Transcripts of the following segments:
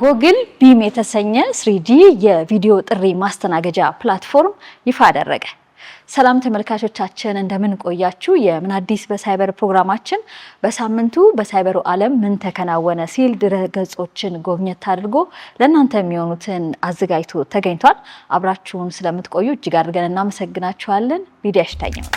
ጎግል ቢም የተሰኘ ስሪዲ የቪዲዮ ጥሪ ማስተናገጃ ፕላትፎርም ይፋ አደረገ። ሰላም ተመልካቾቻችን እንደምን ቆያችሁ? የምን አዲስ በሳይበር ፕሮግራማችን በሳምንቱ በሳይበሩ ዓለም ምን ተከናወነ ሲል ድረ ገጾችን ጎብኘት አድርጎ ለእናንተ የሚሆኑትን አዘጋጅቶ ተገኝቷል። አብራችሁን ስለምትቆዩ እጅግ አድርገን እናመሰግናችኋለን። ሊዲያ ሽታኝ ነው።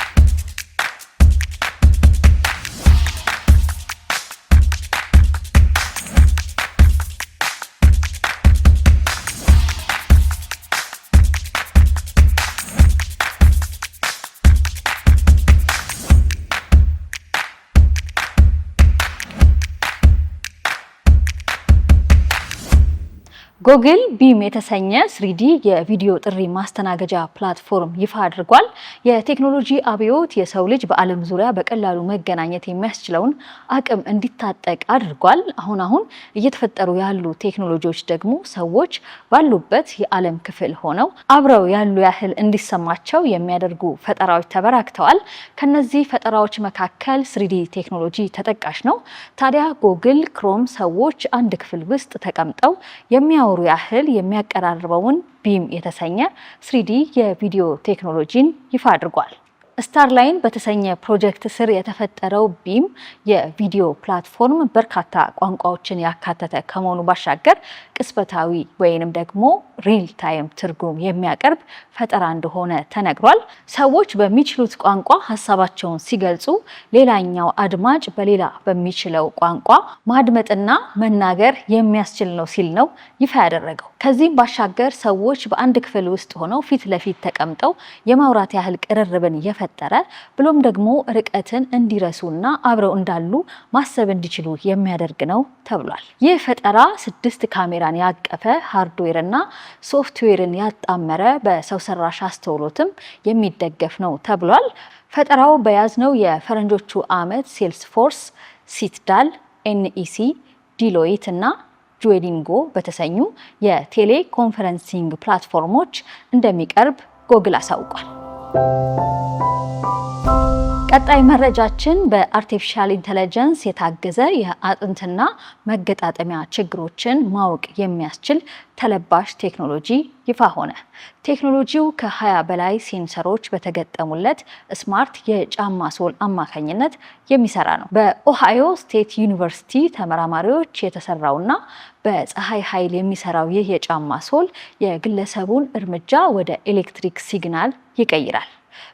ጎግል ቢም የተሰኘ ስሪዲ የቪዲዮ ጥሪ ማስተናገጃ ፕላትፎርም ይፋ አድርጓል። የቴክኖሎጂ አብዮት የሰው ልጅ በዓለም ዙሪያ በቀላሉ መገናኘት የሚያስችለውን አቅም እንዲታጠቅ አድርጓል። አሁን አሁን እየተፈጠሩ ያሉ ቴክኖሎጂዎች ደግሞ ሰዎች ባሉበት የዓለም ክፍል ሆነው አብረው ያሉ ያህል እንዲሰማቸው የሚያደርጉ ፈጠራዎች ተበራክተዋል። ከነዚህ ፈጠራዎች መካከል ስሪዲ ቴክኖሎጂ ተጠቃሽ ነው። ታዲያ ጎግል ክሮም ሰዎች አንድ ክፍል ውስጥ ተቀምጠው የሚያ ለመኖሩ ያህል የሚያቀራርበውን ቢም የተሰኘ ስሪዲ የቪዲዮ ቴክኖሎጂን ይፋ አድርጓል። ስታርላይን በተሰኘ ፕሮጀክት ስር የተፈጠረው ቢም የቪዲዮ ፕላትፎርም በርካታ ቋንቋዎችን ያካተተ ከመሆኑ ባሻገር ቅስበታዊ ወይንም ደግሞ ሪል ታይም ትርጉም የሚያቀርብ ፈጠራ እንደሆነ ተነግሯል። ሰዎች በሚችሉት ቋንቋ ሀሳባቸውን ሲገልጹ፣ ሌላኛው አድማጭ በሌላ በሚችለው ቋንቋ ማድመጥና መናገር የሚያስችል ነው ሲል ነው ይፋ ያደረገው። ከዚህም ባሻገር ሰዎች በአንድ ክፍል ውስጥ ሆነው ፊት ለፊት ተቀምጠው የማውራት ያህል ቅርርብን የፈ እንደፈጠረ ብሎም ደግሞ ርቀትን እንዲረሱና አብረው እንዳሉ ማሰብ እንዲችሉ የሚያደርግ ነው ተብሏል። ይህ ፈጠራ ስድስት ካሜራን ያቀፈ ሃርድዌርና ሶፍትዌርን ያጣመረ በሰው ሰራሽ አስተውሎትም የሚደገፍ ነው ተብሏል። ፈጠራው በያዝነው የፈረንጆቹ ዓመት ፎርስ፣ ሲትዳል፣ ኤንኢሲ፣ ዲሎይት እና ጁዌሊንጎ በተሰኙ የቴሌኮንፈረንሲንግ ፕላትፎርሞች እንደሚቀርብ ጎግል አሳውቋል። ቀጣይ መረጃችን በአርቲፊሻል ኢንተለጀንስ የታገዘ የአጥንትና መገጣጠሚያ ችግሮችን ማወቅ የሚያስችል ተለባሽ ቴክኖሎጂ ይፋ ሆነ። ቴክኖሎጂው ከ20 በላይ ሴንሰሮች በተገጠሙለት ስማርት የጫማ ሶል አማካኝነት የሚሰራ ነው። በኦሃዮ ስቴት ዩኒቨርሲቲ ተመራማሪዎች የተሰራውና በፀሐይ ኃይል የሚሰራው ይህ የጫማ ሶል የግለሰቡን እርምጃ ወደ ኤሌክትሪክ ሲግናል ይቀይራል።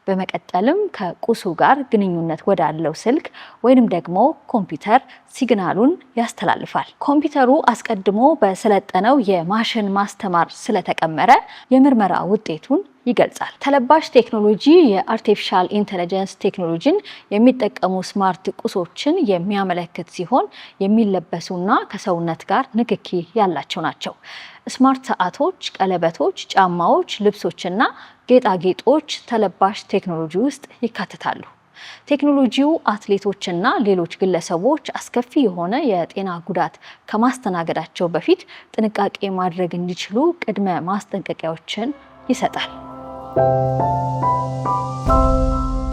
በመቀጠልም ከቁሱ ጋር ግንኙነት ወዳለው ስልክ ወይንም ደግሞ ኮምፒውተር ሲግናሉን ያስተላልፋል። ኮምፒውተሩ አስቀድሞ በሰለጠነው የማሽን ማስተማር ስለተቀመረ የምርመራ ውጤቱን ይገልጻል። ተለባሽ ቴክኖሎጂ የአርቲፊሻል ኢንተለጀንስ ቴክኖሎጂን የሚጠቀሙ ስማርት ቁሶችን የሚያመለክት ሲሆን የሚለበሱና ከሰውነት ጋር ንክኪ ያላቸው ናቸው። ስማርት ሰዓቶች፣ ቀለበቶች፣ ጫማዎች፣ ልብሶችና ጌጣጌጦች ተለባሽ ቴክኖሎጂ ውስጥ ይካተታሉ። ቴክኖሎጂው አትሌቶችና ሌሎች ግለሰቦች አስከፊ የሆነ የጤና ጉዳት ከማስተናገዳቸው በፊት ጥንቃቄ ማድረግ እንዲችሉ ቅድመ ማስጠንቀቂያዎችን ይሰጣል።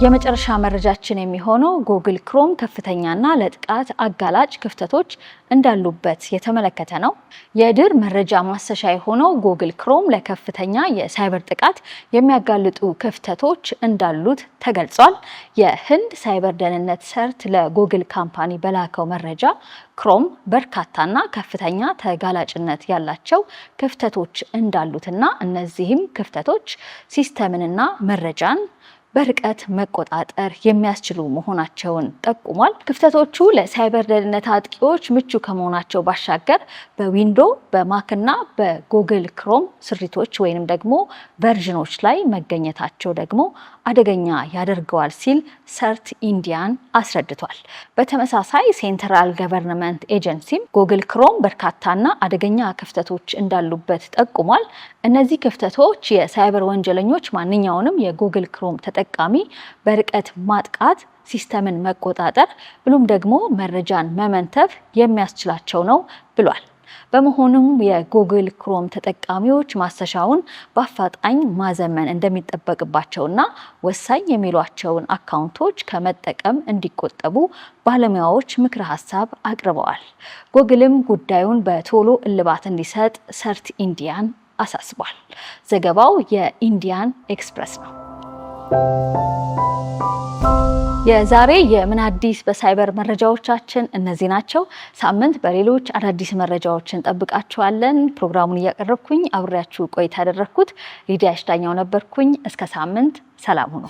የመጨረሻ መረጃችን የሚሆነው ጉግል ክሮም ከፍተኛና ለጥቃት አጋላጭ ክፍተቶች እንዳሉበት የተመለከተ ነው። የድር መረጃ ማሰሻ የሆነው ጉግል ክሮም ለከፍተኛ የሳይበር ጥቃት የሚያጋልጡ ክፍተቶች እንዳሉት ተገልጿል። የህንድ ሳይበር ደህንነት ሰርት ለጉግል ካምፓኒ በላከው መረጃ ክሮም በርካታና ከፍተኛ ተጋላጭነት ያላቸው ክፍተቶች እንዳሉትና እነዚህም ክፍተቶች ሲስተምንና መረጃን በርቀት መቆጣጠር የሚያስችሉ መሆናቸውን ጠቁሟል። ክፍተቶቹ ለሳይበር ደህንነት አጥቂዎች ምቹ ከመሆናቸው ባሻገር በዊንዶ በማክና በጉግል ክሮም ስሪቶች ወይንም ደግሞ ቨርዥኖች ላይ መገኘታቸው ደግሞ አደገኛ ያደርገዋል ሲል ሰርት ኢንዲያን አስረድቷል። በተመሳሳይ ሴንትራል ገቨርንመንት ኤጀንሲም ጉግል ክሮም በርካታና አደገኛ ክፍተቶች እንዳሉበት ጠቁሟል። እነዚህ ክፍተቶች የሳይበር ወንጀለኞች ማንኛውንም የጉግል ክሮም ተጠ ተጠቃሚ በርቀት ማጥቃት፣ ሲስተምን መቆጣጠር ብሎም ደግሞ መረጃን መመንተፍ የሚያስችላቸው ነው ብሏል። በመሆኑም የጉግል ክሮም ተጠቃሚዎች ማሰሻውን በአፋጣኝ ማዘመን እንደሚጠበቅባቸውና ወሳኝ የሚሏቸውን አካውንቶች ከመጠቀም እንዲቆጠቡ ባለሙያዎች ምክረ ሀሳብ አቅርበዋል። ጉግልም ጉዳዩን በቶሎ እልባት እንዲሰጥ ሰርት ኢንዲያን አሳስቧል። ዘገባው የኢንዲያን ኤክስፕረስ ነው። የዛሬ የምን አዲስ በሳይበር መረጃዎቻችን እነዚህ ናቸው። ሳምንት በሌሎች አዳዲስ መረጃዎችን እንጠብቃችኋለን። ፕሮግራሙን እያቀረብኩኝ አብሬያችሁ ቆይታ ያደረግኩት ሊዲያ ሽዳኛው ነበርኩኝ። እስከ ሳምንት ሰላም ሁኑ።